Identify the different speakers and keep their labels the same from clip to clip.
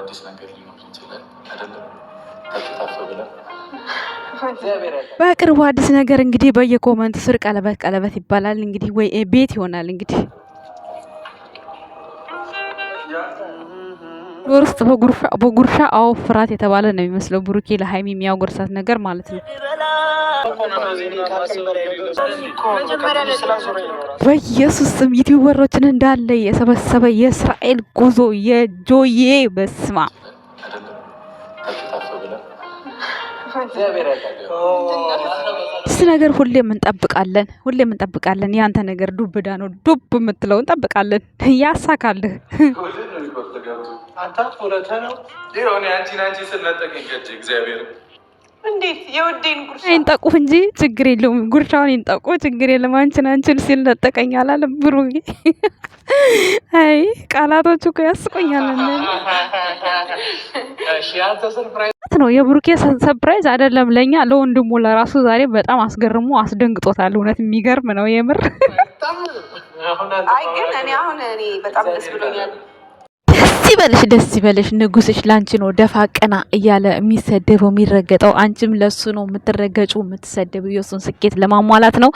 Speaker 1: አዲስ ነገር ሊኖር ይችላል አይደለም።
Speaker 2: በቅርቡ አዲስ ነገር እንግዲህ በየኮመንት ስር ቀለበት ቀለበት ይባላል እንግዲህ ወይ ቤት ይሆናል እንግዲህ ወር ውስጥ በጉርሻ አዎ ፍራት የተባለ ነው የሚመስለው። ብሩኬ ለሀይሚ የሚያጎርሳት ነገር ማለት ነው። በኢየሱስ ስም ዩቲዩበሮችን እንዳለ የሰበሰበ የእስራኤል ጉዞ የጆዬ በስማ እዚህ ነገር ሁሌም እንጠብቃለን፣ ሁሌም እንጠብቃለን። ያንተ ነገር ዱብዳ ነው፣ ዱብ የምትለው እንጠብቃለን። ያሳካልህ።
Speaker 1: አንቺ ናንቺ ስነጠቅ እግዚአብሔር
Speaker 2: አይንጠቁ እንጂ ችግር የለውም። ጉርሻውን ይንጠቁ ችግር የለም። ሲል አይ ቃላቶቹ እኮ ያስቆኛል። ነው የብሩኬ አይደለም ለኛ ለወንድሙ ለራሱ ዛሬ በጣም አስገርሞ አስደንግጦታል። እውነት የሚገርም ነው የምር። አይ ግን እኔ አሁን እኔ በጣም ደስ ብሎኛል። ይበልሽ ደስ ይበልሽ፣ ንጉስሽ ላንቺ ነው ደፋ ቀና እያለ የሚሰደበው የሚረገጠው፣ አንቺም ለሱ ነው የምትረገጩ የምትሰደበው፣ የሱን ስኬት ለማሟላት ነው።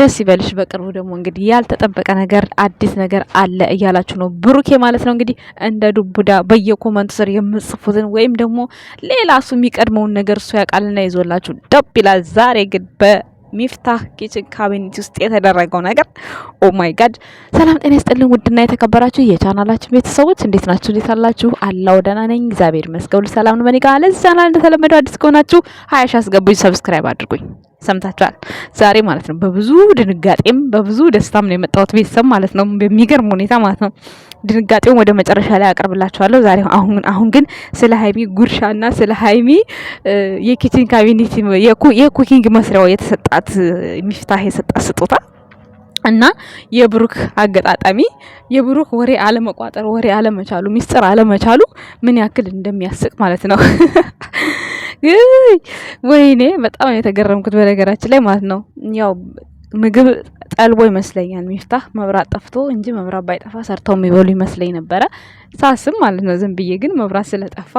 Speaker 2: ደስ ይበልሽ። በቅርቡ ደግሞ እንግዲህ ያልተጠበቀ ነገር አዲስ ነገር አለ እያላችሁ ነው ብሩኬ ማለት ነው። እንግዲህ እንደ ዱቡዳ በየኮመንቱ ስር የምጽፉትን ወይም ደግሞ ሌላ እሱ የሚቀድመውን ነገር እሱ ያውቃልና ይዞላችሁ ደብ ይላል። ዛሬ ግን በ ሚፍታህ ኪችን ካቢኔት ውስጥ የተደረገው ነገር ኦ ማይ ጋድ። ሰላም ጤና ይስጥልን ውድና የተከበራችሁ የቻናላችን ቤተሰቦች እንዴት ናችሁ? እንዴት አላችሁ? አላው ደህና ነኝ እግዚአብሔር ይመስገን። ሰላም ነው በኔ ጋር። ለዚህ ቻናል እንደተለመደው አዲስ ከሆናችሁ ሀያ ሺህ አስገቡኝ፣ ሰብስክራይብ አድርጉኝ። ሰምታችኋል። ዛሬ ማለት ነው በብዙ ድንጋጤም በብዙ ደስታም ነው የመጣሁት ቤተሰብ ማለት ነው። በሚገርም ሁኔታ ማለት ነው። ድንጋጤውም ወደ መጨረሻ ላይ አቀርብላችኋለሁ። ዛሬ አሁን አሁን ግን ስለ ሀይሚ ጉርሻና ስለ ሀይሚ የኪችን ካቢኔት የኩኪንግ መስሪያው የተሰጣት ሚፍታህ የሰጣት ስጦታ እና የብሩክ አገጣጣሚ የብሩክ ወሬ አለመቋጠር፣ ወሬ አለመቻሉ፣ ሚስጥር አለመቻሉ ምን ያክል እንደሚያስቅ ማለት ነው። ወይኔ በጣም የተገረምኩት በነገራችን ላይ ማለት ነው። ያው ምግብ ጠልቦ ይመስለኛል ሚፍታህ መብራት ጠፍቶ እንጂ መብራት ባይጠፋ ሰርተው የሚበሉ ይመስለኝ ነበረ ሳስም ማለት ነው። ዝም ብዬ ግን መብራት ስለጠፋ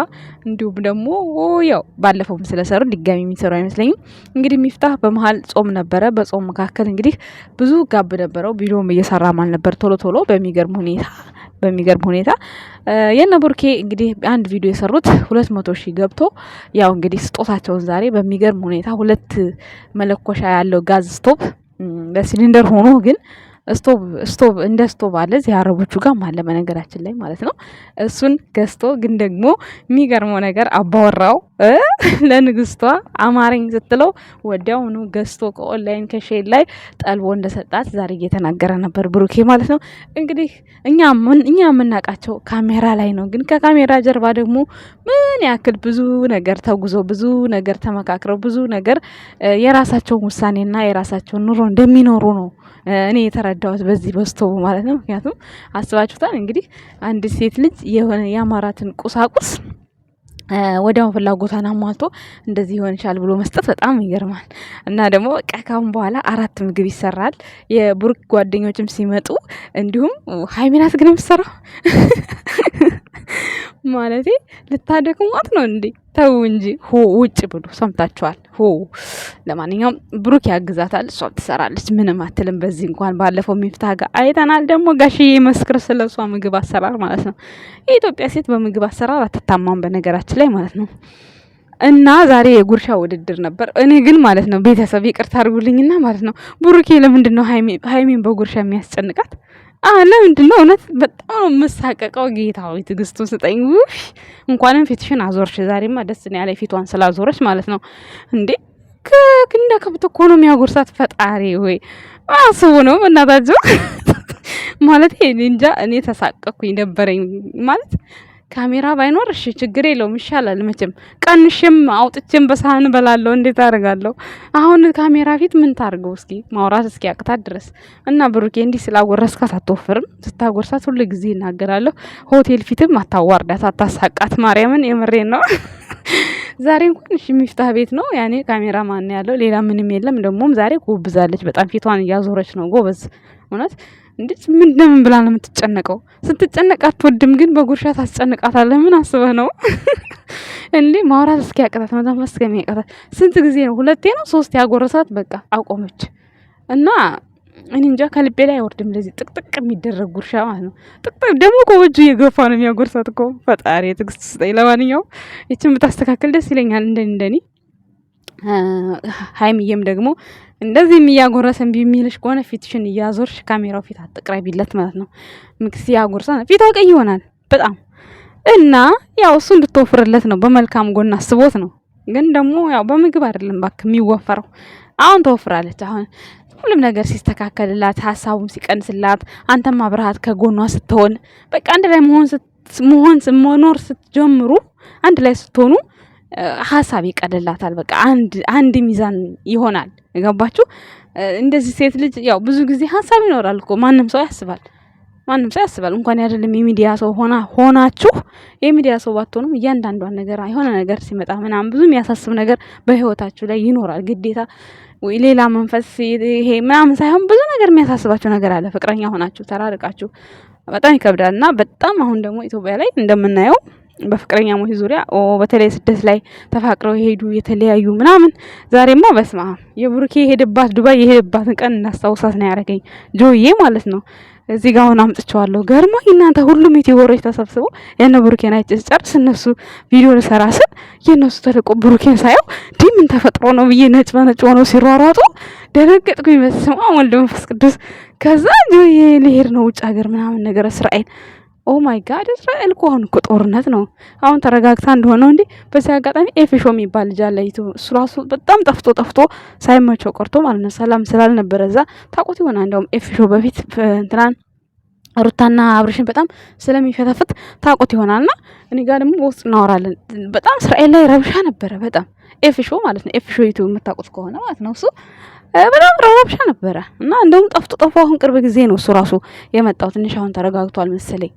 Speaker 2: እንዲሁም ደግሞ ያው ባለፈውም ስለሰሩ ድጋሚ የሚሰሩ አይመስለኝም። እንግዲህ ሚፍታህ በመሀል ጾም ነበረ። በጾም መካከል እንግዲህ ብዙ ጋብ ነበረው። ቪዲዮም እየሰራም አልነበር ቶሎ ቶሎ በሚገርም ሁኔታ በሚገርም ሁኔታ የነ ቡርኬ እንግዲህ አንድ ቪዲዮ የሰሩት ሁለት መቶ ሺህ ገብቶ ያው እንግዲህ ስጦታቸውን ዛሬ በሚገርም ሁኔታ ሁለት መለኮሻ ያለው ጋዝ ስቶፕ በሲሊንደር ሆኖ ግን ስቶቭ ስቶቭ እንደ ስቶቭ አለ እዚህ አረቦቹ ጋር አለ በነገራችን ላይ ማለት ነው። እሱን ገዝቶ ግን ደግሞ የሚገርመው ነገር አባወራው ለንግስቷ አማረኝ ስትለው ወዲያውኑ ገዝቶ ከኦንላይን ከሼል ላይ ጠልቦ እንደሰጣት ዛሬ እየተናገረ ነበር ብሩኬ ማለት ነው። እንግዲህ እኛ እኛ የምናውቃቸው ካሜራ ላይ ነው፣ ግን ከካሜራ ጀርባ ደግሞ ምን ያክል ብዙ ነገር ተጉዞ ብዙ ነገር ተመካክረው ብዙ ነገር የራሳቸውን ውሳኔና የራሳቸውን ኑሮ እንደሚኖሩ ነው እኔ የተረ የተረዳሁት በዚህ በስቶቡ ማለት ነው። ምክንያቱም አስባችሁታል እንግዲህ አንድ ሴት ልጅ የሆነ የአማራትን ቁሳቁስ ወዲያው ፍላጎቷን አሟልቶ እንደዚህ ይሆን ብሎ መስጠት በጣም ይገርማል። እና ደግሞ በቃ በኋላ አራት ምግብ ይሰራል። የቡርክ ጓደኞችም ሲመጡ እንዲሁም ሀይሚናት ግን የምትሰራው ማለት ልታደክሟት ነው እንዴ? ተው እንጂ ሆ ውጭ ብሉ። ሰምታችኋል። ሆ ለማንኛውም ብሩክ ያግዛታል፣ እሷም ትሰራለች። ምንም አትልም። በዚህ እንኳን ባለፈው ሚፍታ ጋር አይተናል። ደግሞ ጋሽዬ መስክር ስለ እሷ ምግብ አሰራር ማለት ነው። የኢትዮጵያ ሴት በምግብ አሰራር አትታማም፣ በነገራችን ላይ ማለት ነው። እና ዛሬ የጉርሻ ውድድር ነበር። እኔ ግን ማለት ነው ቤተሰብ ይቅርታ አድርጉልኝና ማለት ነው ብሩኬ ለምንድን ነው ሀይሚን በጉርሻ የሚያስጨንቃት? ለምንድን ነው እውነት? በጣም ነው የምሳቀቀው። ጌታ ሆይ ትዕግስቱን ስጠኝ። ውሽ እንኳንም ፊትሽን አዞርሽ። ዛሬማ ደስ ነው ያለ ፊቷን ስላዞረች ማለት ነው እንዴ እንደ ከብት እኮ ነው የሚያጎርሳት። ፈጣሪ ሆይ አስቡ ነው በእናታቸው ማለት እንጃ። እኔ ተሳቀኩኝ ነበረኝ ማለት ካሜራ ባይኖር እሺ ችግር የለውም ይሻላል። መቼም ቀንሽም አውጥቼም በሳህን በላለው እንዴት አደርጋለሁ አሁን ካሜራ ፊት ምን ታርገው? እስኪ ማውራት እስኪ ያቅታት ድረስ እና ብሩኬ እንዲህ ስላጎረስካት አትወፍርም። ስታጎርሳት ሁሉ ጊዜ ይናገራለሁ። ሆቴል ፊትም አታዋርዳት፣ አታሳቃት። ማርያምን የምሬን ነው። ዛሬ እንኳን እሺ የሚፍታህ ቤት ነው ያኔ ካሜራ ማን ያለው ሌላ ምንም የለም። ደግሞም ዛሬ ጎብዛለች በጣም ፊቷን እያዞረች ነው። ጎበዝ እውነት እንዴት ምን ለምን ብላ ነው የምትጨነቀው? ስትጨነቅ አትወድም፣ ግን በጉርሻ ታስጨንቃታለህ። ምን አስበህ ነው እንዴ? ማውራት እስኪ እስኪያቅታት መተንፈስ እስከሚያቅታት ስንት ጊዜ ነው? ሁለቴ ነው ሶስት ያጎረሳት፣ በቃ አቆመች እና እኔ እንጃ ከልቤ ላይ አይወርድም። ለዚህ ጥቅጥቅ የሚደረግ ጉርሻ ማለት ነው። ጥቅጥቅ ደግሞ ከወጁ እየገፋ ነው የሚያጎርሳት እኮ። ፈጣሪ ትዕግስት ስጠኝ። ለማንኛውም ይችን ብታስተካክል ደስ ይለኛል። እንደኔ እንደኔ ሀይምዬም ደግሞ እንደዚህም እያጎረሰን ቢሚልሽ ከሆነ ፊትሽን እያዞርሽ ካሜራው ፊት አትቅረቢለት ማለት ነው። ምክስ እያጎርሰ ፊቷ ቀይ ይሆናል በጣም እና ያው እሱ እንድትወፍርለት ነው በመልካም ጎን አስቦት ነው። ግን ደግሞ ያው በምግብ አይደለም ባክ የሚወፈረው። አሁን ተወፍራለች። አሁን ሁሉም ነገር ሲስተካከልላት፣ ሀሳቡም ሲቀንስላት፣ አንተም አብረሃት ከጎኗ ስትሆን በቃ አንድ ላይ መሆን መኖር ስትጀምሩ አንድ ላይ ስትሆኑ ሀሳብ ይቀልላታል። በቃ አንድ አንድ ሚዛን ይሆናል። የገባችሁ እንደዚህ ሴት ልጅ ያው ብዙ ጊዜ ሀሳብ ይኖራል እኮ ማንም ሰው ያስባል። ማንም ሰው ያስባል። እንኳን አይደለም የሚዲያ ሰው ሆና ሆናችሁ የሚዲያ ሰው ባትሆኑም እያንዳንዷን ነገር የሆነ ነገር ሲመጣ ምናምን ብዙ የሚያሳስብ ነገር በህይወታችሁ ላይ ይኖራል። ግዴታ ወይ ሌላ መንፈስ ይሄ ምናምን ሳይሆን ብዙ ነገር የሚያሳስባችሁ ነገር አለ። ፍቅረኛ ሆናችሁ ተራርቃችሁ በጣም ይከብዳል እና በጣም አሁን ደግሞ ኢትዮጵያ ላይ እንደምናየው በፍቅረኛ በፍቅረኛሞች ዙሪያ በተለይ ስደት ላይ ተፋቅረው የሄዱ የተለያዩ ምናምን። ዛሬማ በስማ የብሩኬ የሄደባት ዱባይ የሄደባትን ቀን እናስታውሳት ነው ያደረገኝ ጆዬ ማለት ነው። እዚህ ጋር አሁን አምጥቼዋለሁ። ገርሞኝ እናንተ ሁሉም ዩቲዩበሮች ተሰብስበው የነ ብሩኬን አይቼ ስጨርስ እነሱ ቪዲዮ ልሰራ ስል የእነሱ ተለቆ ብሩኬን ሳየው እንዲህ ምን ተፈጥሮ ነው ብዬ ነጭ በነጭ ሆነው ሲሯሯጡ ደነገጥኩኝ። በስመ አብ ወወልድ ወመንፈስ ቅዱስ። ከዛ ጆዬ ልሄድ ነው ውጭ ሀገር ምናምን ነገር እስራኤል ኦ ማይ ጋድ እስራኤል እኮ አሁን እኮ ጦርነት ነው። አሁን ተረጋግታ እንደሆነው እንዲ በዚህ አጋጣሚ ኤፌሾ የሚባል ልጅ አለ ዩቱብ እሱ ራሱ በጣም ጠፍቶ ጠፍቶ ሳይመቸው ቀርቶ ማለት ነው ሰላም ስላልነበረ እዛ ታቆት ይሆናል። እንደውም ኤፌሾ በፊት እንትናን ሩታና አብርሽን በጣም ስለሚፈተፍት ታቆት ይሆናልና እኔ ጋር ደግሞ በውስጥ እናወራለን። በጣም እስራኤል ላይ ረብሻ ነበረ። በጣም ኤፌሾ ማለት ነው ኤፌሾ ዩቱብ የምታቆት ከሆነ ማለት ነው እሱ በጣም ረባብሻ ነበረ እና እንደውም ጠፍቶ ጠፋ። አሁን ቅርብ ጊዜ ነው እሱ ራሱ የመጣው። ትንሽ አሁን ተረጋግቷል መሰለኝ።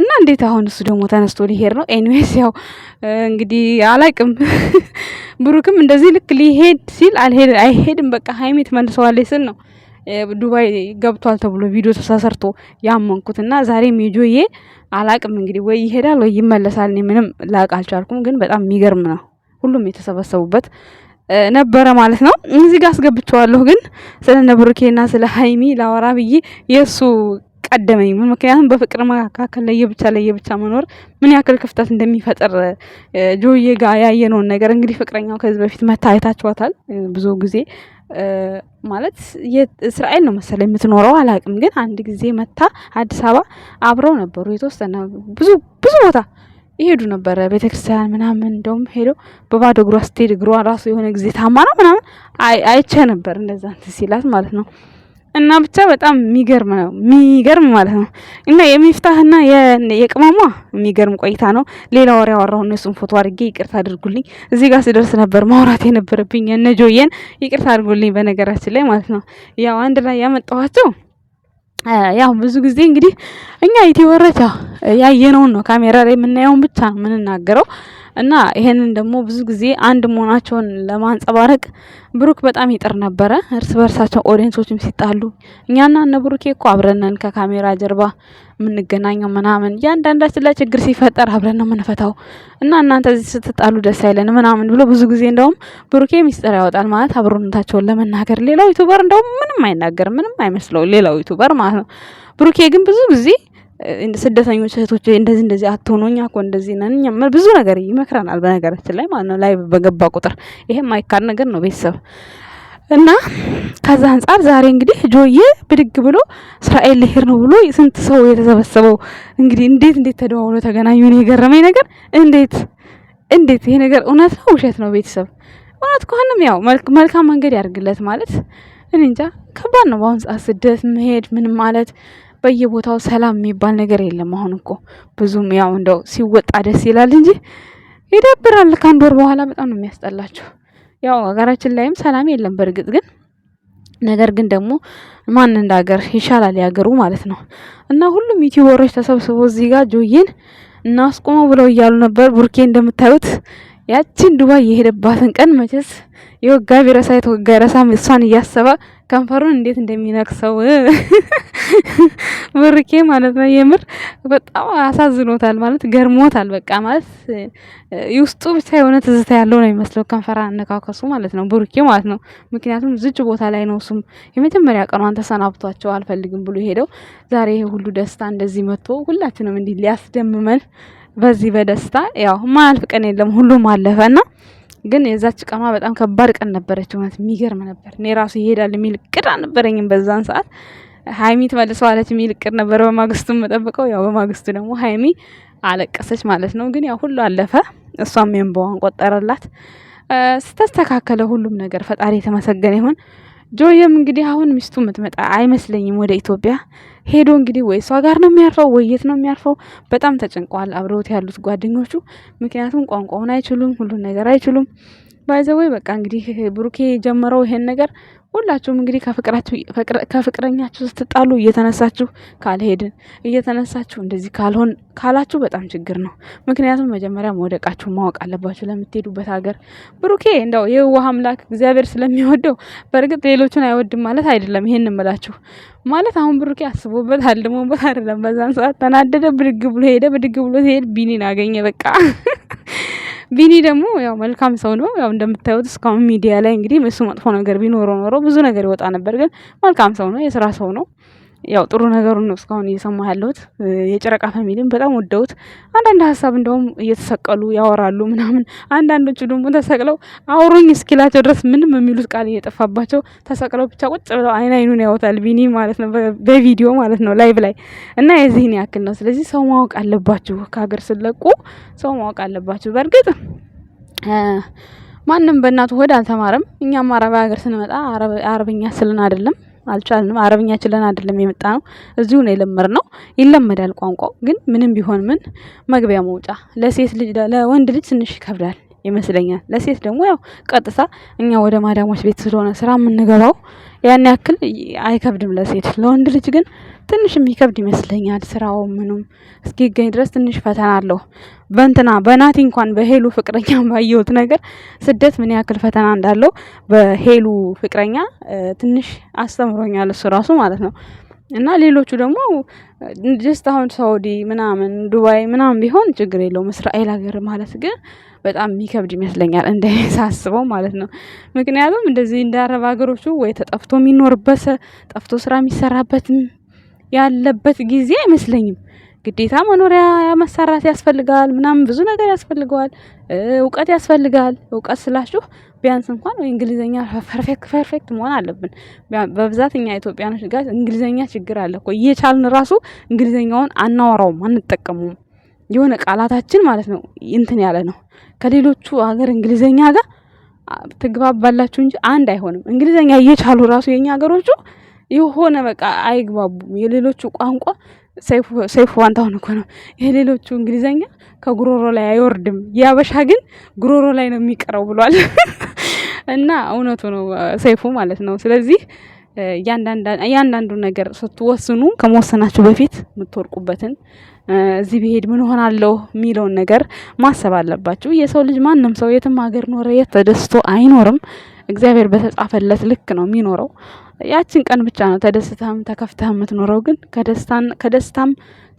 Speaker 2: እና እንዴት አሁን እሱ ደግሞ ተነስቶ ሊሄድ ነው? ኤኒዌይስ ያው እንግዲህ አላቅም። ብሩክም እንደዚህ ልክ ሊሄድ ሲል አልሄድ አይሄድም በቃ ሀይሚ ትመልሰዋለች ስል ነው ዱባይ ገብቷል ተብሎ ቪዲዮ ተሰርቶ ያመንኩት እና ዛሬ የጆዬ አላቅም እንግዲህ ወይ ይሄዳል ወይ ይመለሳል። እኔ ምንም ላቅ አልቻልኩም፣ ግን በጣም የሚገርም ነው ሁሉም የተሰበሰቡበት ነበረ ማለት ነው። እዚህ ጋር አስገብቸዋለሁ ግን ስለ ብሩኬና ስለ ሀይሚ ላወራ ብዬ የእሱ ቀደመኝ። ምክንያቱም በፍቅር መካከል ለየብቻ ለየብቻ መኖር ምን ያክል ክፍተት እንደሚፈጠር ጆዬ ጋር ያየነውን ነገር እንግዲህ ፍቅረኛው ከዚህ በፊት መታ አይታችኋታል ብዙ ጊዜ ማለት እስራኤል ነው መሰለ የምትኖረው አላውቅም፣ ግን አንድ ጊዜ መታ አዲስ አበባ አብረው ነበሩ የተወሰነ ብዙ ብዙ ቦታ ይሄዱ ነበረ ቤተክርስቲያን ምናምን። እንደውም ሄደው በባዶ እግሯ ስትሄድ እግሯ ራሱ የሆነ ጊዜ ታማራ ምናምን አይቼ ነበር እንደዛ እንትን ሲላት ማለት ነው። እና ብቻ በጣም የሚገርም ነው የሚገርም ማለት ነው። እና የሚፍታህና የቅመሟ የሚገርም ቆይታ ነው። ሌላ ወሬ ያወራሁ እነሱን ፎቶ አድርጌ ይቅርታ አድርጉልኝ። እዚህ ጋር ስደርስ ነበር ማውራት የነበረብኝ እነ ጆየን ይቅርታ አድርጉልኝ። በነገራችን ላይ ማለት ነው ያው አንድ ላይ ያመጣኋቸው ያው ብዙ ጊዜ እንግዲህ እኛ ኢትዮ ያው ያየነውን ነው ካሜራ ላይ የምናየውን ብቻ ነው የምንናገረው። እና ይሄንን ደግሞ ብዙ ጊዜ አንድ መሆናቸውን ለማንጸባረቅ ብሩክ በጣም ይጥር ነበረ። እርስ በርሳቸው ኦዲየንሶችም ሲጣሉ እኛና እነ ብሩኬ እኮ አብረነን ከካሜራ ጀርባ የምንገናኘው ምናምን እያንዳንዳችን ላይ ችግር ሲፈጠር አብረን ነው የምንፈታው እና እናንተ እዚህ ስትጣሉ ደስ አይለን ምናምን ብሎ ብዙ ጊዜ እንደውም ብሩኬ ሚስጥር ያወጣል ማለት አብሮነታቸውን ለመናገር። ሌላው ዩቱበር እንደውም ምንም አይናገርም፣ ምንም አይመስለው ሌላው ዩቱበር ማለት ነው። ብሩኬ ግን ብዙ ጊዜ ስደተኞች እህቶች እንደዚህ እንደዚህ አትሆኑ፣ እኛ እኮ እንደዚህ ነን፣ ብዙ ነገር ይመክረናል። በነገራችን ላይ ማለት ነው ላይ በገባ ቁጥር ይሄ ማይካድ ነገር ነው ቤተሰብ እና ከዛ አንጻር ዛሬ እንግዲህ ጆዬ ብድግ ብሎ እስራኤል ልሄድ ነው ብሎ ስንት ሰው የተሰበሰበው እንግዲህ እንዴት እንዴት ተደዋውሎ ተገናኙ። ነው የገረመኝ ነገር እንዴት እንዴት ይሄ ነገር እውነት ነው ውሸት ነው? ቤተሰብ እውነት ከሆነም ያው መልካም መንገድ ያድርግለት ማለት እኔ እንጃ። ከባድ ነው በአሁን ሰዓት ስደት መሄድ ምን ማለት በየቦታው ሰላም የሚባል ነገር የለም። አሁን እኮ ብዙም ያው እንደው ሲወጣ ደስ ይላል እንጂ ይደብራል። ከአንድ ወር በኋላ በጣም ነው የሚያስጠላቸው። ያው ሀገራችን ላይም ሰላም የለም በእርግጥ ግን ነገር ግን ደግሞ ማን እንደ ሀገር ይሻላል ያገሩ ማለት ነው። እና ሁሉም ዩቲዩበሮች ተሰብስበው እዚህ ጋር ጆዬን እናስቆመው ብለው እያሉ ነበር። ቡርኬ እንደምታዩት ያቺን ዱባይ የሄደባትን ቀን መቼስ የወጋ ቢረሳ የተወጋ ረሳም። እሷን እያሰባ ከንፈሩን እንዴት እንደሚነክሰው ብርኬ ማለት ነው። የምር በጣም አሳዝኖታል ማለት ገርሞታል። በቃ ማለት የውስጡ ብቻ የሆነ ትዝታ ያለው ነው የሚመስለው ከንፈራ አነካከሱ ማለት ነው ብርኬ ማለት ነው። ምክንያቱም ዝጭ ቦታ ላይ ነው እሱም የመጀመሪያ ቀኗን ተሰናብቷቸው አልፈልግም ብሎ ሄደው ዛሬ ይሄ ሁሉ ደስታ እንደዚህ መጥቶ ሁላችንም እንዲህ ሊያስደምመን በዚህ በደስታ ያው ማያልፍ ቀን የለም፣ ሁሉም አለፈ እና ግን የዛች ቀማ በጣም ከባድ ቀን ነበረች። እውነት የሚገርም ነበር። እኔ ራሱ ይሄዳል የሚል ቅድ አልነበረኝም በዛን ሰዓት። ሀይሚ ትመልሰዋለች የሚል እቅድ ነበር በማግስቱ የምጠብቀው። ያው በማግስቱ ደግሞ ሀይሚ አለቀሰች ማለት ነው። ግን ያው ሁሉ አለፈ። እሷም የእንባዋን ቆጠረላት፣ ስተስተካከለ ሁሉም ነገር። ፈጣሪ የተመሰገነ ይሁን። ጆየም እንግዲህ አሁን ሚስቱ ምትመጣ አይመስለኝም ወደ ኢትዮጵያ ሄዶ እንግዲህ ወይ እሷ ጋር ነው የሚያርፈው ወይ የት ነው የሚያርፈው? በጣም ተጨንቀዋል አብረውት ያሉት ጓደኞቹ። ምክንያቱም ቋንቋውን አይችሉም፣ ሁሉን ነገር አይችሉም። ባይዘወይ በቃ እንግዲህ ብሩኬ ጀመረው ይሄን ነገር ሁላችሁም እንግዲህ ከፍቅራችሁ ከፍቅረኛችሁ ስትጣሉ እየተነሳችሁ ካልሄድን እየተነሳችሁ እንደዚህ ካልሆን ካላችሁ በጣም ችግር ነው። ምክንያቱም መጀመሪያ መውደቃችሁ ማወቅ አለባችሁ ለምትሄዱበት ሀገር። ብሩኬ እንደው የውሃ አምላክ እግዚአብሔር ስለሚወደው በእርግጥ ሌሎቹን አይወድም ማለት አይደለም። ይሄን እምላችሁ ማለት አሁን ብሩኬ አስቦበት አልድሞበት አይደለም። በዛን ሰዓት ተናደደ፣ ብድግ ብሎ ሄደ። ብድግ ብሎ ሲሄድ ቢኒን አገኘ በቃ ቢኒ ደግሞ ያው መልካም ሰው ነው። ያው እንደምታዩት እስካሁን ሚዲያ ላይ እንግዲህ እሱ መጥፎ ነገር ቢኖረው ኖሮ ብዙ ነገር ይወጣ ነበር። ግን መልካም ሰው ነው፣ የስራ ሰው ነው። ያው ጥሩ ነገሩን ነው እስካሁን እየሰማ ያለሁት። የጨረቃ ፋሚሊም በጣም ወደውት አንዳንድ ሀሳብ እንደውም እየተሰቀሉ ያወራሉ ምናምን። አንዳንዶቹ ደግሞ ተሰቅለው አውሩኝ እስኪላቸው ድረስ ምንም የሚሉት ቃል እየጠፋባቸው ተሰቅለው ብቻ ቁጭ ብለው አይን አይኑን ያወታል ቢኒ ማለት ነው፣ በቪዲዮ ማለት ነው ላይቭ ላይ እና የዚህን ያክል ነው። ስለዚህ ሰው ማወቅ አለባችሁ፣ ከሀገር ስለቁ ሰው ማወቅ አለባችሁ። በእርግጥ ማንም በእናቱ ሆድ አልተማረም። እኛም አረብ ሀገር ስንመጣ አረብኛ ስልን አይደለም አልቻልንም። አረብኛ ችለን አይደለም የመጣ ነው፣ እዚሁ ነው ነው። ይለመዳል ቋንቋው ግን ምንም ቢሆን ምን መግቢያ መውጫ ለሴት ልጅ ለወንድ ልጅ ትንሽ ይከብዳል። ይመስለኛል። ለሴት ደግሞ ያው ቀጥታ እኛ ወደ ማዳሞች ቤት ስለሆነ ስራ የምንገባው ያን ያክል አይከብድም ለሴት። ለወንድ ልጅ ግን ትንሽ የሚከብድ ይመስለኛል። ስራው ምኑም እስኪገኝ ድረስ ትንሽ ፈተና አለው። በእንትና በናቲ እንኳን በሄሉ ፍቅረኛ ባየሁት ነገር ስደት ምን ያክል ፈተና እንዳለው በሄሉ ፍቅረኛ ትንሽ አስተምሮኛል እሱ ራሱ ማለት ነው። እና ሌሎቹ ደግሞ ጀስት አሁን ሳውዲ ምናምን ዱባይ ምናምን ቢሆን ችግር የለውም። እስራኤል ሀገር ማለት ግን በጣም የሚከብድ ይመስለኛል እንደሳስበው ማለት ነው። ምክንያቱም እንደዚህ እንደ አረብ ሀገሮቹ ወይ ተጠፍቶ የሚኖርበት ጠፍቶ ስራ የሚሰራበት ያለበት ጊዜ አይመስለኝም። ግዴታ መኖሪያ መሰራት ያስፈልጋል፣ ምናምን ብዙ ነገር ያስፈልገዋል፣ እውቀት ያስፈልጋል። እውቀት ስላችሁ ቢያንስ እንኳን እንግሊዘኛ እንግሊዝኛ ፐርፌክት ፐርፌክት መሆን አለብን። በብዛት እኛ ኢትዮጵያኖች ጋር እንግሊዝኛ ችግር አለ እኮ እየቻልን ራሱ እንግሊዝኛውን አናወራውም፣ አንጠቀሙም። የሆነ ቃላታችን ማለት ነው እንትን ያለ ነው ከሌሎቹ ሀገር እንግሊዝኛ ጋር ትግባባላችሁ እንጂ አንድ አይሆንም። እንግሊዝኛ እየቻሉ ራሱ የኛ ሀገሮቹ የሆነ በቃ አይግባቡም። የሌሎቹ ቋንቋ ሰይፉ ዋንታሁን እኮ ነው። የሌሎቹ እንግሊዘኛ ከጉሮሮ ላይ አይወርድም፣ የአበሻ ግን ጉሮሮ ላይ ነው የሚቀረው ብሏል። እና እውነቱ ነው ሰይፉ ማለት ነው። ስለዚህ እያንዳንዱ ነገር ስትወስኑ ከመወሰናችሁ በፊት የምትወርቁበትን እዚህ ብሄድ ምን ሆናለሁ የሚለውን ነገር ማሰብ አለባችሁ። የሰው ልጅ ማንም ሰው የትም ሀገር ኖረ የት ተደስቶ አይኖርም። እግዚአብሔር በተጻፈለት ልክ ነው የሚኖረው። ያችን ቀን ብቻ ነው ተደስተህም ተከፍተህ የምትኖረው። ግን ከደስታም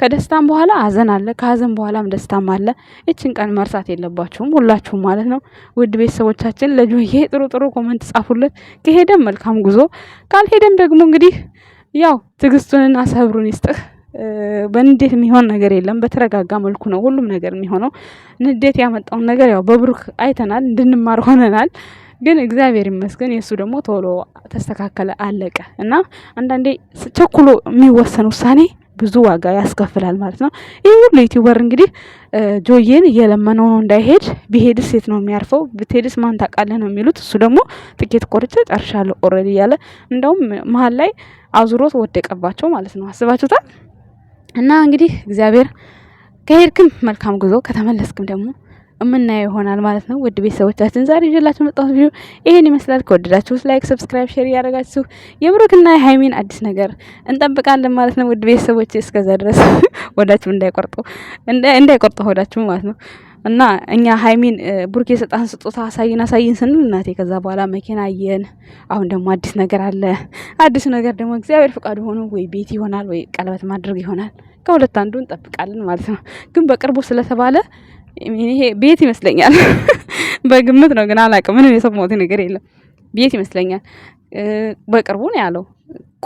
Speaker 2: ከደስታም በኋላ ሀዘን አለ፣ ከሀዘን በኋላም ደስታም አለ። ይችን ቀን መርሳት የለባችሁም ሁላችሁም ማለት ነው። ውድ ቤተሰቦቻችን ለጆዬ ጥሩ ጥሩ ኮመንት ጻፉለት። ከሄደም መልካም ጉዞ፣ ካልሄደም ደግሞ እንግዲህ ያው ትዕግስቱንና ሰብሩን ይስጥህ። በንዴት የሚሆን ነገር የለም። በተረጋጋ መልኩ ነው ሁሉም ነገር የሚሆነው። ንዴት ያመጣውን ነገር ያው በብሩክ አይተናል፣ እንድንማር ሆነናል። ግን እግዚአብሔር ይመስገን የእሱ ደግሞ ቶሎ ተስተካከለ፣ አለቀ። እና አንዳንዴ ቸኩሎ የሚወሰን ውሳኔ ብዙ ዋጋ ያስከፍላል ማለት ነው። ይህ ሁሉ ዩቲዩበር እንግዲህ ጆዬን እየለመነው ነው እንዳይሄድ። ቢሄድስ የት ነው የሚያርፈው? ብትሄድስ ማን ታውቃለህ ነው የሚሉት። እሱ ደግሞ ጥቂት ቆርጬ ጨርሻለሁ ኦልሬዲ እያለ እንደውም መሀል ላይ አዙሮት ወደቀባቸው ማለት ነው። አስባችሁታል? እና እንግዲህ እግዚአብሔር ከሄድክም መልካም ጉዞ ከተመለስክም ደግሞ የምናየው ይሆናል ማለት ነው። ውድ ቤተሰቦቻችን ዛሬ ይዤላችሁ መጣሁት ቪዲዮ ይሄን ይመስላል። ከወደዳችሁት ላይክ፣ ሰብስክራይብ፣ ሼር እያደረጋችሁ የብሩክና የሀይሚን አዲስ ነገር እንጠብቃለን ማለት ነው። ውድ ቤተሰቦች እስከዛ ድረስ ወዳችሁ እንዳይቆርጡ እንዳይቆርጡ ወዳችሁ ማለት ነው እና እኛ ሀይሚን ብሩክ የሰጣን ስጦታ አሳይን አሳይን ስንል እናቴ ከዛ በኋላ መኪና አየን። አሁን ደግሞ አዲስ ነገር አለ። አዲሱ ነገር ደግሞ እግዚአብሔር ፍቃዱ ሆኖ ወይ ቤት ይሆናል ወይ ቀለበት ማድረግ ይሆናል። ከሁለት አንዱ እንጠብቃለን ማለት ነው። ግን በቅርቡ ስለተባለ ይሄ ቤት ይመስለኛል። በግምት ነው ግን አላውቅም። ምንም የሰማሁት ነገር የለም። ቤት ይመስለኛል። በቅርቡ ነው ያለው።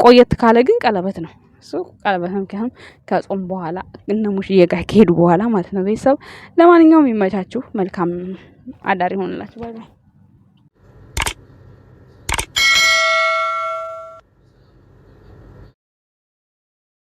Speaker 2: ቆየት ካለ ግን ቀለበት ነው እሱ ቀለበት ነው። ምክንያቱም ከጾም በኋላ እነ ሙሽዬ ጋር ከሄዱ በኋላ ማለት ነው። ቤተሰብ ለማንኛውም ይመቻችሁ። መልካም አዳር ይሆንላችሁ። ባይ ባይ።